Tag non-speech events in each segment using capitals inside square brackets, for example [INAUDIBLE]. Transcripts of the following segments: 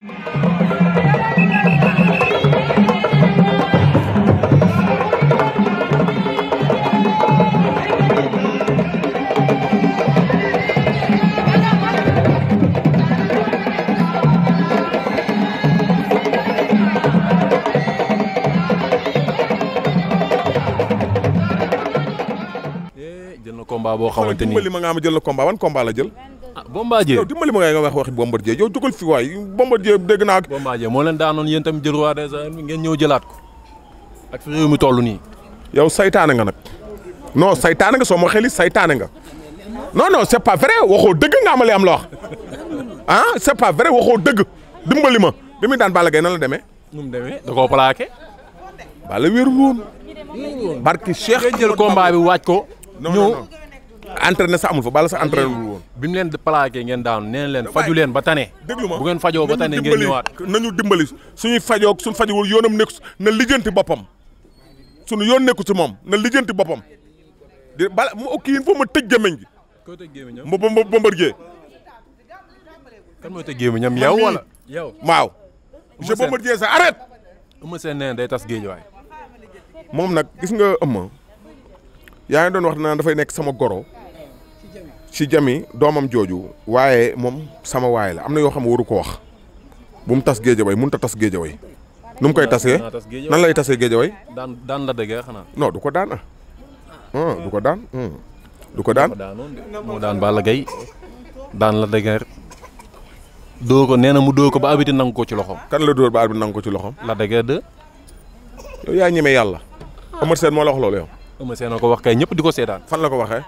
Eh, jël na combat boo xamante ni dimbali ma nga xam jël na combat wan combat la jël. Bombardier yow dimbali ma nga wax waxi Bombardier yow dugal fi waay Bombardier dégg naa. Bombardier moo leen daanoon yéen tamit jël roi des arènes ngeen ñëw jëlaat ko ak fi nga nag non saytaane nga soo ma xeli saytaane nga non non c'est pas waxoo dëgg nga amale am la wax ah c'est pas waxoo dëgg dimbali ma bi muy daan Balla Gaye nan la demee. nu mu demee barki Cheikh. jël combat bi waaj ko. ñëw entraîné sa amul fa Balla sa entraîné wul bi leen leen plaqué ngeen daanu nee leen faju leen ba tane. déglu ma bu ngeen fajoo ba tane ngeen ñëwaat. nañu dimbali suñuy fajoo suñu fajuwul yoonam nekk na lijjanti boppam suñu yoon nekku ci moom na ti boppam di bala kii il tëj gémmiñ gi. koo tëj gémmiñam ma ba Bombardier. kan mooy tëj gémmiñam wala yow waaw. monsieur Bombardier day tas géej moom nag gis nga Eumeu yaa ngi doon wax naa dafay nekk sama goro. si jami doomam jooju waaye moom sama waaye la am na yoo xam ne waru ko wax bu mu tas géejaway mënut a tas géejaway nu mu koy tasee nan lay tasee géejaway. daan daan la dëggee xanaa. non du ko daan ah. du ko daan. du ko daan moo daan Balla Gaye daan la dëggee dóor ko nee na mu dóor ko ba abiti nangu ko ci loxoom. kan la dóor ba abiti nangu ko ci loxoom. la dëggee de. yow yaa ñeme yàlla. Eumeu Sène moo la wax loolu yow. Eumeu Sène ko wax kay ñëpp di ko seetaan. fan la ko waxee.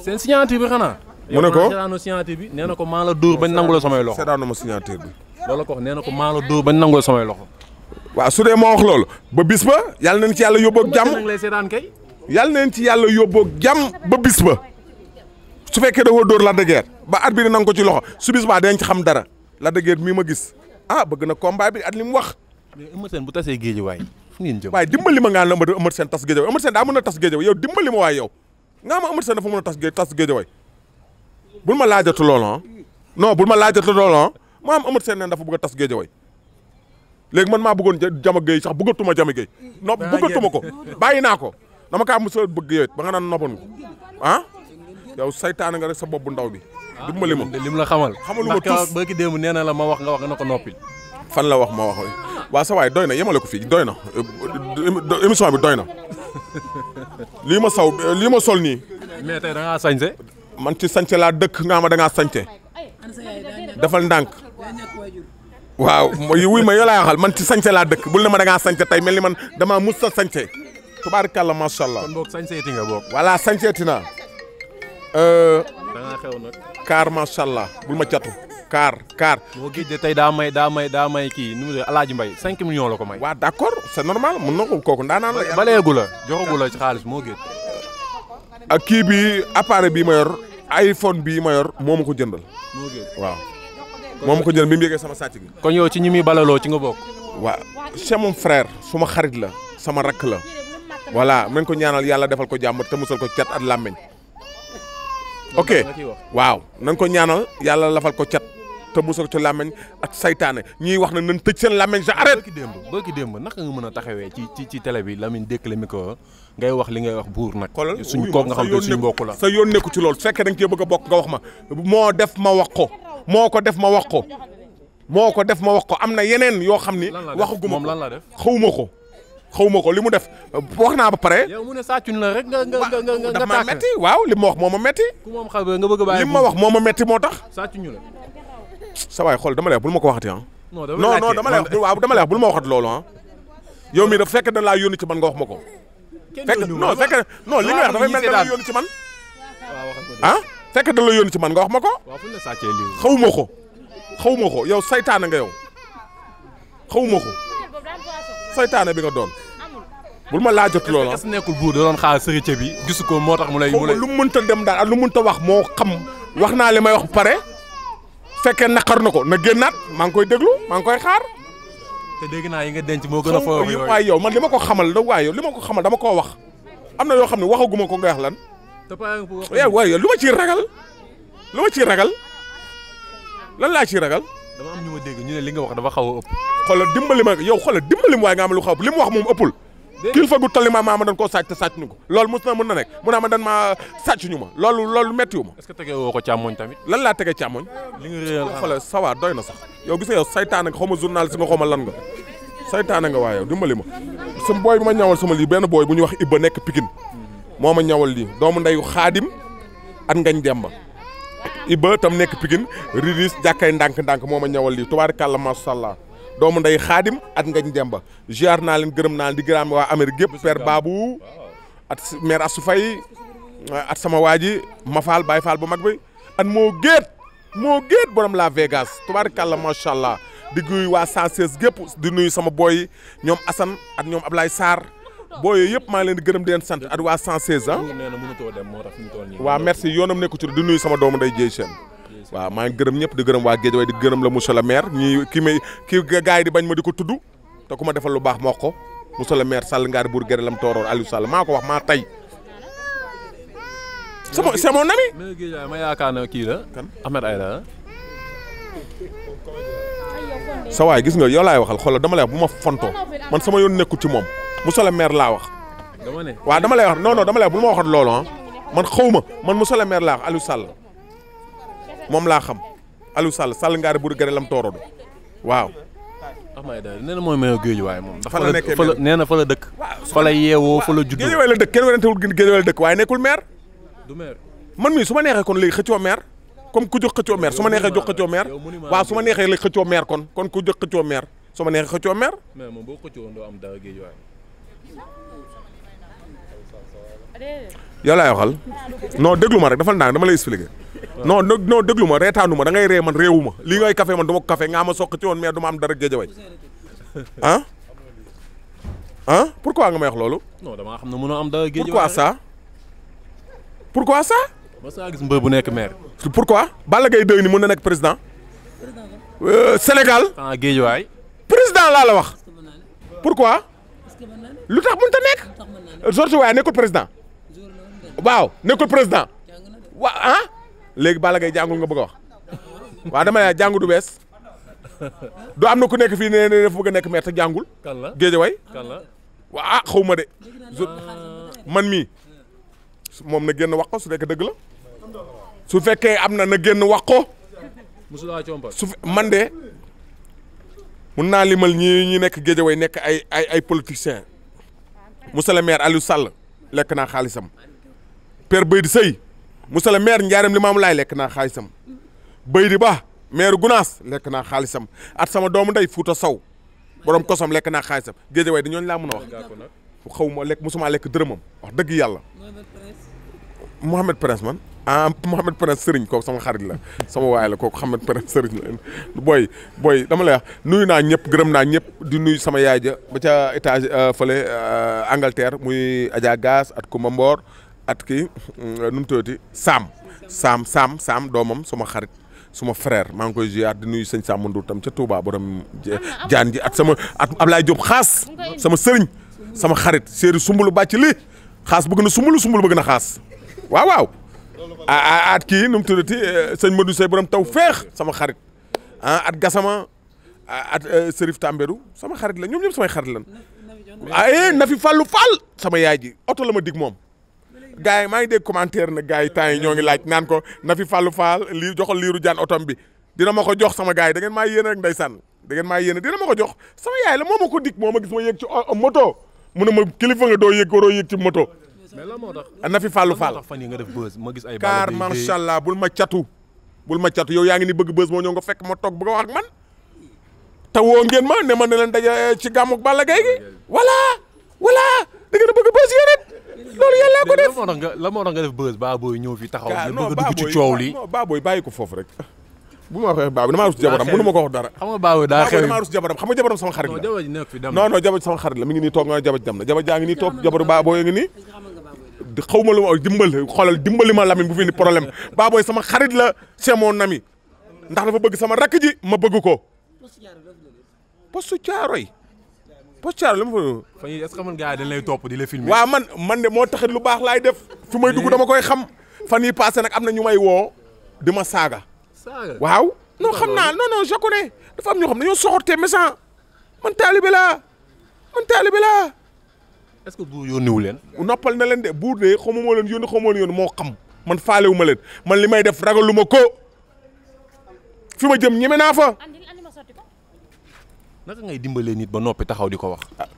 seen signature bi xanaa. mu ne ko yow signature bi nee na ko maa la dóor bañ nangu la samay loxo. seetaan ma signature bi. loolu ko wax nee na ko maa la dóor bañ nangu la samay loxo. waaw su dee ma wax loolu ba bis ba yàlla nañ ci yàlla yóbboog jàmm yàlla nañ ci yàlla yóbboog jàmm ba bis ba su fekkee da koo dóor la dëgër ba at bi nangu ko ci loxo su bis ba dañ ci xam dara la dëgër mii ma gis ah bëgg na combat bi at li mu wax. mais Eumeu Sène bu tasee géej waay waaye dimbali ma ngaa la ma Eumeu tas géej waay Eumeu Sène a waay yow nga xam ne Eumeu Sène dafa mën a tas gée tas géejawaay bul ma laa loolu ah non bul ma laajatu loolu ah ma am Eumeu Sène neen dafa bëgg a tas géejawaay léegi man maa bëggoon jama géey sax bëggatuma jama géey non bëggatuma ko bàyyi naa ko dama kaa mu a bëgg yow it ba nga naan noppan ko ah yow saytaane nga rek sa bopp bu ndaw bi. Ah, dimbali ma lim la xamal. xamaluma tous ndax ba ki démb nee na la ma wax nga wax nga na ko noppil. fan la wax ma wax waa sa doy na yemale ko fii doy na euh, émission bi doy na lii ma saw lii ma sol nii. mais man ci sañse laa dëkk nga ma da ngaa sañse defal ndànk waaw mooy wuy ma yoo laa man ci sañse laa dëkk bul ne ma da ngaa sañse tey mel ni man damaa mus sa sañse tubaarkàlla macha allah kon boog sañseeti nga boog. voilà sañseeti naa. Euh, kaar macha bul ma catu. kaar kaar. boo géejee daa may daa may daa may kii nu mu ne Alaaji Mbaye 5 millions la ko may. waaw d' accord c' est normal mun na ko kooku ndaanaan la. baleegu la joxagu la xaalis moo géej. ak ah, kii bi appareil bii ma yor iPhone bii ma yor moo ma ko jëndal. moo géej waaw. moo ma ko jëndal bi mu yëgee sama sàcc gi. kon yow ci ñi muy balaloo ci nga bokk. waaw c'est mon suma xarit la sama rakk la voilà nañ ko ñaanal yàlla defal ko jàmm te musal ko cat at làmmeñ ok waaw nañ ko ñaanal yàlla lafal te musal ci làmmeñ ak seytaane ñuy wax na nañ tëj seen làmmeñ sa arrête. boo démb boo ki démb naka nga mën a taxawee ci ci ci télé bi Lamine déclamé ko ngay wax li ngay wax buur nag. xoolal suñu kook nga xam ne suñu bokku la. sa yoon nekku ci loolu su fekkee da nga cee bëgg a bokk nga wax ma moo def ma wax ko moo ko def ma wax ko ko def ma wax ko am na yeneen yoo xam ni. waxaguma moom lan la def xawma ko. xaw ma ko li mu def wax naa ba pare. yow mu ne sàccuñ la rek nga nga nga daf ma metti waaw li ma wax moo ma metti. ku moom xam nga bëgg a ma wax moo ma metti moo tax. sàccuñu la. sa waay xool dama lay wax bul ko waxati ah. non dama lay wax waaw dama lay wax ma waxat loolu ah. yow mii dafa fekk dañ laa yónni ci man nga wax ma ko. fekk non fekk non li nga wax dafay mel dañ la yónni ci man. ah fekk dañ la ci man nga wax ma ko. xaw ma ko xaw ma ko yow saytaane nga yow xaw ma ko saytaane bi nga doon. bul ma laajat loola ah. est-ce que nekkul buur da doon xaar sëriñ bi gisu ko moo tax mu lay. mu lay lu mu mënta dem daal ak lu mënta wax moo xam wax naa li may wax bu pare. fekkee naqar na ko na génnaat maa ngi koy déglu maa ngi koy xaar. te dégg naa yi nga denc moo gën a foofu yooyu waaye yow man li ma ko xamal da waaye yow li ma ko xamal dama koo wax am na yoo xam ne waxaguma ko nga wax lan. te eh, waaye yow lu ma ciy ragal lu ciy ragal lan laa ciy ragal. dama am ñu dégg ñu ne li nga wax dafa xaw a ëpp. xoolal dimbali ma yow xoolal dimbali ma waaye am lu xaw li mu wax moom ëppul. kilifa gu toll ni maa ma doon ko sàcc te ñu ko loolu mos na mën na nekk mu naa ma dan maa sàcc ñu ma loolu loolu métti que tege woo ko càmmoñ tamit lan laa tege càmmoñ li nga réyal xoolal sawa doy na sax yow gis nga yow saytaan nga xaw ma journaliste nga xaw ma lan nga saytaan nga waaye yow dimbali ma sama booy bi ma ñawal sama lii benn booy bu ñu wax Ibba nekk Pikine moo ma ñawal lii doomu ndeyu xaadim at ngañ demba Ibba tam nekk Pikine riris jàkkay ndànk-ndànk moo ma ñawal lii tubaarkàlla masha Allah doomu nday xaadim at ngañ demba ziar naa leen gërëm naa leen di gërëm waa Amérique gépp père Babou at mère Assou Faye euh, at sama waa ji Mafal Baye Fall bu mag bi at moo géet moo géet borom la Vegas tubaarikàlla macha allah di nuyu waa 116 gépp di nuyu sama booy yi ñoom Assane at ñoom Ablaye Sarr booy yooyu yëpp maa ngi leen di gërëm di leen sant at waa 116 ah. waaw merci yoonam nekku ci di nuyu sama doomu nday Dieng Sène waaw maa ngi gërëm ñëpp di gërëm waa Guédiawaye di gërëm la monsieur le maire ñi ki may ki ga yi di bañ ma di ko tudd te ku ma defal lu baax moo ko monsieur le maire Sall ngaari buur gere lam tooroor Aliou Sall maa ko wax maa tey c'est mon ami ma yaakaar ne kii la Ahmed ah. gis nga yow laay waxal xoolal dama lay wax bu ma fontoo man sama yoon nekkul ci moom monsieur le maire laa wax waaw dama lay wax non non dama lay wax bu ma waxat loolu ah man xaw ma man monsieur le maire laa wax Sall moom laa xam Aliou Sall Sall ngaari buri gare lam toorodo waaw Ahmed Aïdara nee na mooy mayo Guédiawaye moom fa la nekkee fa la nee na fa la dëkk fa la yeewoo fa la juddoo Guédiawaye la dëkk kenn werantewul Guédiawaye la dëkk waaye nekkul maire man mii su ma neexee kon léegi xëccoo maire comme ku jox xëccoo su ma neexee jox xëccoo maire waaw su ma neexee léegi xëccoo maire kon kon ku jox xëccoo maire su ma neexee xëccoo maire mais moom boo xëccoon doo am dara Guédiawaye yow laay waxal ma rek dafa ndànk dama lay expliquer [LAUGHS] non non déglu ma reetaanu ma da ngay ree man réewu ma li ngay café man du ma ko café ngaa ma soq ci woon mais du ma am dara géejaway ah [LAUGHS] ah pourquoi nga ma wax loolu. non damaa xam ne mënoo am dara géejaway pourquoi ça pourquoi ça. ba saa gis mbër bu nekk maire. pourquoi Balla gay 2 ni mën na nekk président. Euh, Sénégal. ah géejawaay. président laa la wax. pourquoi. lu tax mënut a nekk. George Weah nekkul président. waaw nekkul président. waaw ah. léegi Balla Gaye jàngul nga bëgg a wax waaw dama ne jàngu du bees du am na ku nekk fii nee na dafa bëgg a nekk maire te jàngul. la Géejawaay kan la ah xaw ma de. man mii moom na génn wax ko su nekk dëgg la su fekkee am na na génn wax ko. musulaa compa man de mun naa limal ñii ñi nekk Géejawaay nekk ay ay ay politiciens monsieur le maire Sall lekk naa xaalisam Père di Seye. monsieur le maire njaaram laay lekk naa xaalisam Baydi Ba maire Gunaas lekk naa xaalisam at sama doomu ndey Fuuta Sow borom kosom lekk naa xaalisam Géejawaay ñooñ laa mën a wax xaw ma lekk mosuma lekk dërëmam wax dëgg yàlla Mouhamed Prince man ah Mouhamed Prince Serigne kooku sama xarit la sama waay la kooku Mouhamed Prince Serigne la booy booy dama lay wax nuyu naa ñëpp gërëm naa ñëpp di nuyu sama yaay ja ba ca étage euh, fële euh, Angleterre muy Adja Gass at Kumba at kii mm, nu mu tooti Saam Saam Saam Saam doomam suma xarit suma frère maa ngi koy ziar di nuyu sëñ Samba Ndour tam ca Touba borom jaan ji at sama at Ablaye Diop xaas sama seriñ sama xarit séeri sumbulu bàcc li xaas bëgg na sumbulu sumbulu bëgg na xaas waaw waaw ah at kii nu mu tuddati eh, sëñ Madou Seye borom taw feex sama xarit ah, at Gasama at eh, Serif Tambédou sama xarit la ñoom ñëpp samay xarit lan. ay na fi fàllu sama yaay ji oto la ma dig moom. gars yi maa ngi dégg commentaire na gars yi temps yi ñoo ngi laaj naan ko na fi Fallou Fall liiru jaan otom dina ma ko jox sama gars yi da ngeen maa yéene rek ndeysaan da ngeen maa yéene dina ma ko jox sama yaay la moo ma ko dikk moo ma gis ma yéeg ci euh, moto mu ne ma kilifa nga doo yéeg waroo yéeg ci moto. mais lan moo tax na fi Fallou Fall nga def buzz ma ay. car macha allah bul ma catu. bul yow yaa ngi ni bëgg buzz moo ñëw nga fekk ma toog bëgg wax ak man te woo ngeen ma ne ma ne leen daje ci gàmmug Balla Gaye gi voilà loolu yàlla ko def moo tax nga la moo tax nga def bës fi taxaw ñu bëgg a dugg li non baabooy bàyyi ko foofu rek bu ma waxee baabooy damaa rus jabaram mënu ma ko wax dara xam nga baabooy daa xew damaa rus jabaram xam nga jabaram sama xarit la non non jabar sama xarit la mi ngi nii toog nga jabar jam na jabar jaa ngi nii toog jabaru baabooy ngi nii xaw ma lu ma dimbali xoolal dimbali ma Lamine bu fi ni problème baabooy sama xarit la c'est na ami ndax dafa bëgg sama rakk ji ma bëgg ko postu caaroy Poste Thiaroye la ma fa doon. fan yii est lay topp di la filmer. waaw man man de moo taxit lu baax laay def. fu may dugg dama koy xam. fan yii passé nag am na ñu may woo di ma saaga. saaga waaw. non xam naa non non je connais dafa am ñoo xam dañoo soxorte méchant man taalibe laa man taalibe laa. est-ce que buur yónniwu leen. noppal na leen de buur de xaw ma leen yónni xaw ma moo xam man faalewu ma leen man li may def ragaluma ko fi ma jëm ñeme naa fa. naka ngay dimbalee nit ba noppi taxaw di ko wax. Ah,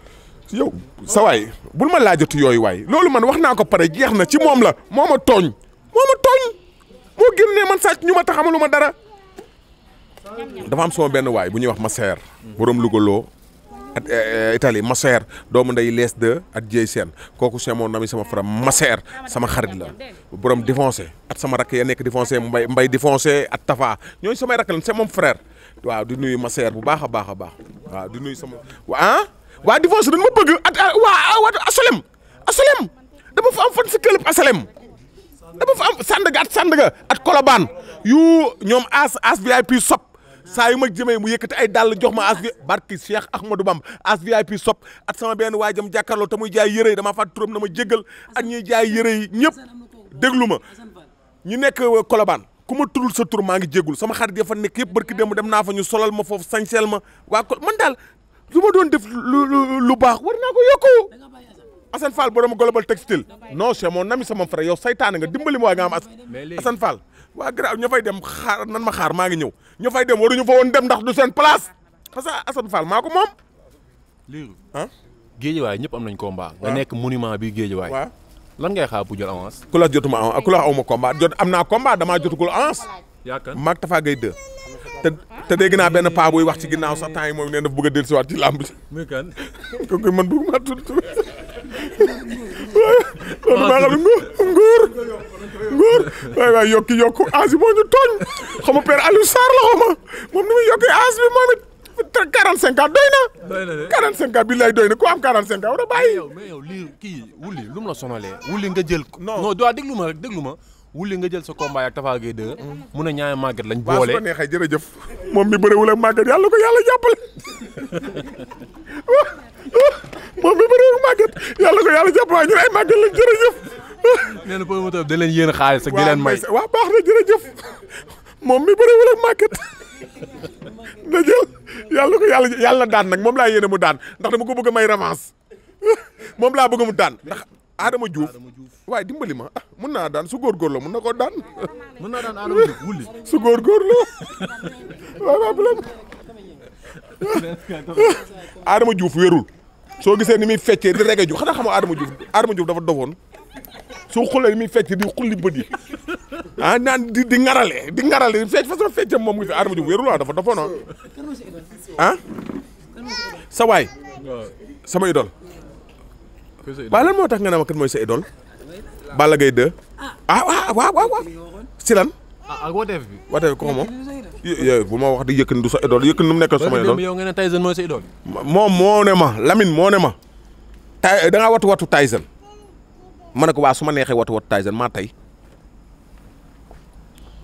yow sa waay bul ma laajatu yooyu waay loolu man wax naa ko pare jeex na ci moom la moo ma tooñ. moo ma tooñ moo génnee man sàcc ñu ma taxamalu ma dara. dafa am sama benn waay bu ñuy wax Masseer. borom Lougaloo ak eh, eh, Italie doo doomu nday lees de ak Dieye seen kooku c'est mon ami sama faram Masseer sama xarit la borom défoncé ak sama rakk ya nekk défoncé mbay mbay défoncé ak Tafa ñooñu samay rakk lan c'est mon waaw di nuyu ma seer bu baax a baax a baax waaw di nuyu sama ah waa divorce dañ ma bëgg at ah, waa ah, waa asalem asalem dama fa am fan si club asalem dama fa am Sandaga at Sandaga at Colobane yu ñoom as as VIP sop saa yu ma jëmee mu yëkkati ay dàll jox ma as barki Cheikh Ahmadou Bamba as VIP sop at sama benn waa jëm jàkkaarloo te jaay yëre yi damaa fàttali turam na ma jéggal ak ñuy jaay yëre yi ñëpp déglu ma ñu nekk Colobane ku tuddul sa tur maa ngi jégul sama xarit ya fa nekk yëpp barki dem dem naa fa ñu solal ma foofu sañseel ma waa ko man daal lu ma doon def lu lu lu baax war naa ko yokku Assane Fall borom Global Textile non c'est mon ami sama frère yow saytaane nga dimbali ma waa nga am as Assane Fall waa garaaw ña fay dem xaar nan ma xaar maa ngi ñëw ña fay dem ñu fa woon dem ndax du seen place parce que Assane Fall maa ko moom. Lirou ah. géejewaay ñëpp am nañ combat. waaw nga nekk monument bi géejewaay. lan ngay xaar pour jot avance. ku la jotuma avance ku la awma combat jot am naa combat damaa jotugul avance. mag Tafa Gueye 2. te te dégg naa benn paa buy wax ci ginnaaw sax temps yi moom nee na bëgg a dellusiwaat ci làmb ji. muy kan. man bëgg maa tudd tur. [LAUGHS] loolu maa xam nguur nguur waay waay yokki yokku aas yi moo ñu tooñ xam nga père Aliou la xaw moom ni muy yokkee aas bi moom quarante cinq ans doy na. doy na de quarante cinq ans bii lay doy na ku am quarante cinq ans war a bàyyi. yow mais yow nga jël. non non doo déglu ma rek déglu ma. wuli nga jël sa combat ak Tafa Gueye 2 mun a ñaari màgget lañ. boole waaw su moom mi bëriwul ak màgget yàlla ko yàlla jàppale. moom mi bëriwul màgget yàlla leen yéen xaalis ak di leen may waaw baax na [LAUGHS] jël. yàlla ko yàlla yàlla daan nag moom laa yéene mu daan ndax dama ko bëgg may revanche [LAUGHS] moom laa bëgg mu daan ndax Adama juuf waaye dimbali ma ah mun naa daan su góorgóorloo mun na koo daan. mun naa daan Adama Diouf wulli [LAUGHS] su góorgóorloo waaw waaw problème [LAUGHS] Adama Diouf wérul soo gisee ni muy feccee di rege ju xanaa xamoo Adama Diouf Adama Diouf dafa dofoon. soo xoolee mi fecc di xulli bët yi [LAUGHS] ah naan di di ngarale di ngarale fecc façon feccam moom ngi fi Adama Diouf wéeru la ah, dafa dafa ah. Ah. ah sa waay sama moo tax nga ne ma kat mooy sa idole ah waaw waaw waaw si wateef bi wateef bi ko moom yooyu bu ma wax di yëkkan du sa idole yëkkan nu mu nekk sama idole yow nga ne Tyson mooy sa idole moom moo ne ma Lamine moo ne ma tay watu watu Tyson ma ne ko waa su ma neexee watu watu Tyson maa tey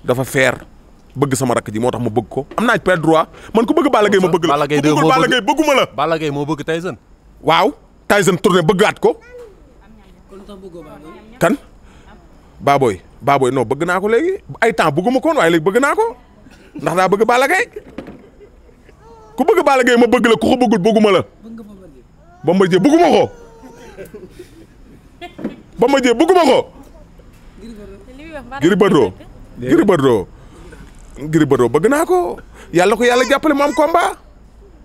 dafa feer bëgg sama rakk ji moo tax ma bëgg ko am naa ci droit man ku bëgg Balla Gaye ma bëgg la ku bëggul Balla Gaye bëgguma la Balla Gaye moo waaw Tyson tourné bëggaat ko Baboy Baboy bëgg naa ko léegi ay temps bëgguma bëgg naa ko ndax daa bëgg Balla Gaye ma bëgg la ku ko bëggul bëgguma la Bombardier bëgguma ko ba ma jee bëgguma ko. Gris Bordeaux bëgg naa ko yàlla ko yàlla jàppale mu am combat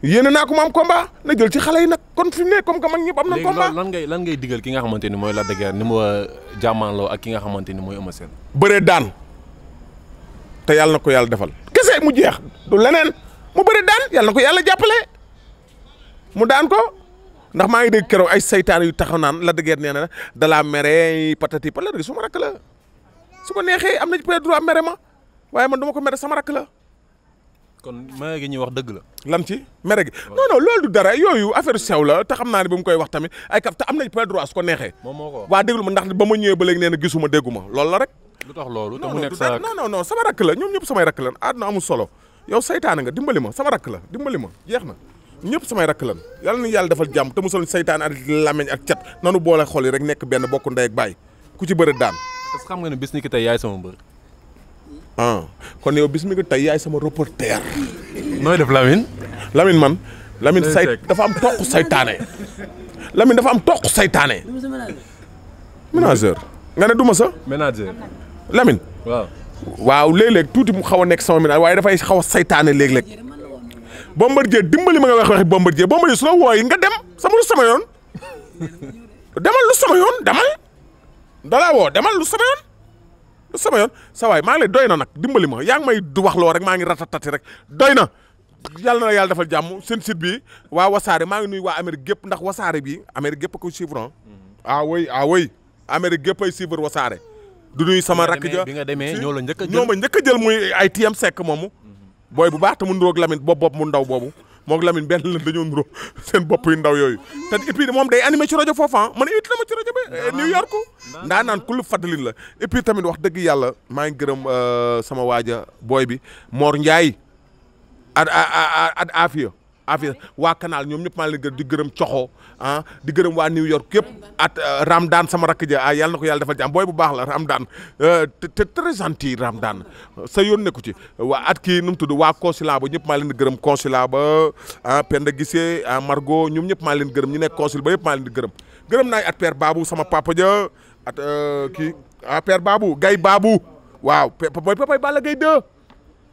yéene naa ko mu am combat na jël ci xale yi nag kon fi mu ne comme que mag ñëpp am na combat lan ngay digal ki nga xamante ni mooy la de ni mu euh, jàmmaanloo ak ki nga xamante ni mooy Eumeu seen bëree daan te yàlla na ko yàlla defal kese mu jeex du leneen mu bëri daan yàlla ko yàlla jàppale mu daan ko ndax maa ngi dégg keroog ay saytaan yu taxaw naan la dëggeer nee na da laa mere patati pa la dëgg su ma rakk la su ko neexee am na peut-être mere ma waaye man du ma mere sama rakk la. kon mere gi ñuy dëgg la. lam ci mere gi non non loolu du dara yooyu affaire sew la te xam naa ne ba mu moo ko wax waa déglu ma ndax ba ma ñëwee ba léegi nee na gisuma dégguma lool la rek. lu tax loolu te mu nekk sa non non sama rakk la ñoom ñëpp samay rakk la àdduna amul solo yow saytaan nga dimbali ma sama rakk la dimbali ma jeex na ñépp samay rakk lan yàlla na yàlla defal jàmm te musal saytaan ak làmmiñ ak cat nanu boole xol yi rek nekk benn bokk ndey ak baay ku ci bëre daan. xam nga ne bis ni ki tey sama mbër. ah kon yow bis mi ngi yaay sama reporter. nooy def Lamine. Lamine man. lamin say dafa am toq saytaane. Lamine dafa am toq seytaane ménageur. nga ne du ma sa. ménageur. Lamine. waaw waaw léeg tuuti mu xaw a nekk sama ménage waaye dafay xaw seytaane saytaane léeg-léeg. Bombardier dimbali ma nga wax waxi Bombardier Bombardier su la wooyi nga dem sama lu sama yoon demal lu sama yoon demal dala woo demal lu sama yoon lu sama yoon sa maa ngi lay doy na nag dimbali ma yaa ngi may du wax loo rek maa ngi ratatati rek doy na yàlla na la yàlla defal jàmm seen site bi waa wasaare maa ngi nuy waa Amérique gépp ndax wasaare bi Amérique gépp ko suivre a ah. mhm. ah oui ah oui Amérique gépp ay suivre wasaare du nuyu sama rakk ja bi nga demee ñoo la njëkk a ma njëkk a jël muy ay tiyam sekk moomu booy bu baax te mu nuroog Lamine bopp bopp mu ndaw boobu moog Lamine benn la dañoo nuroo [LAUGHS] seen bopp yu ndaw yooyu te et puis moom day animé ci rajo foofu ah man invité na ma ci rajo bi eh, New York ndaa naan kul fadlin la et tamit wax dëgg yàlla maa ngi gërëm euh, sama waaja booy bi Mor Ndiaye ad ad affaire waa canal ñoom ñëpp maa leen gërëm di gërëm coxo ah di gërëm waa New York yëpp at daan sama rakk ja ah yàlla na ko yàlla defal jàmm bu baax la daan te très gentil daan sa yoon nekku ci waa at kii nu mu tudd waa consulat ba ñëpp maa leen di gërëm consulat ba ah Penda gise ah Margot ñoom ñëpp maa leen gërëm ñu nekk consul ba yëpp maa di gërëm gërëm naay at père Babou sama papa ja at kii ah père Babou waaw mooy papay Balla Gaye 2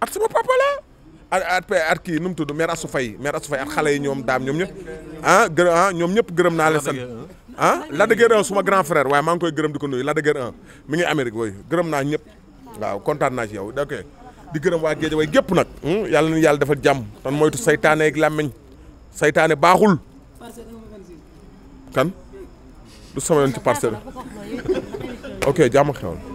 at sama papa la at at kii tudd mu tudd su fay Faye mère Assou Faye at xale yi ñoom daam ñoom ñëpp ah, ah ñëpp gërëm naa leen sant ah Lac de Guiers 1 suma grand frère waaye maa ngi koy gërëm di ko nuyu Lac de Guiers 1 ngi Amérique wooyu gërëm naa ñëpp waaw kontaan naa ci yow ok di gërëm waa géej way gépp nag hmm, yàlla na yàlla defal jàmm tan mooy saytaane ak làmmiñ saytaane baaxul kan du sama yoon ci parcelle [LAUGHS] ok jàmm xewal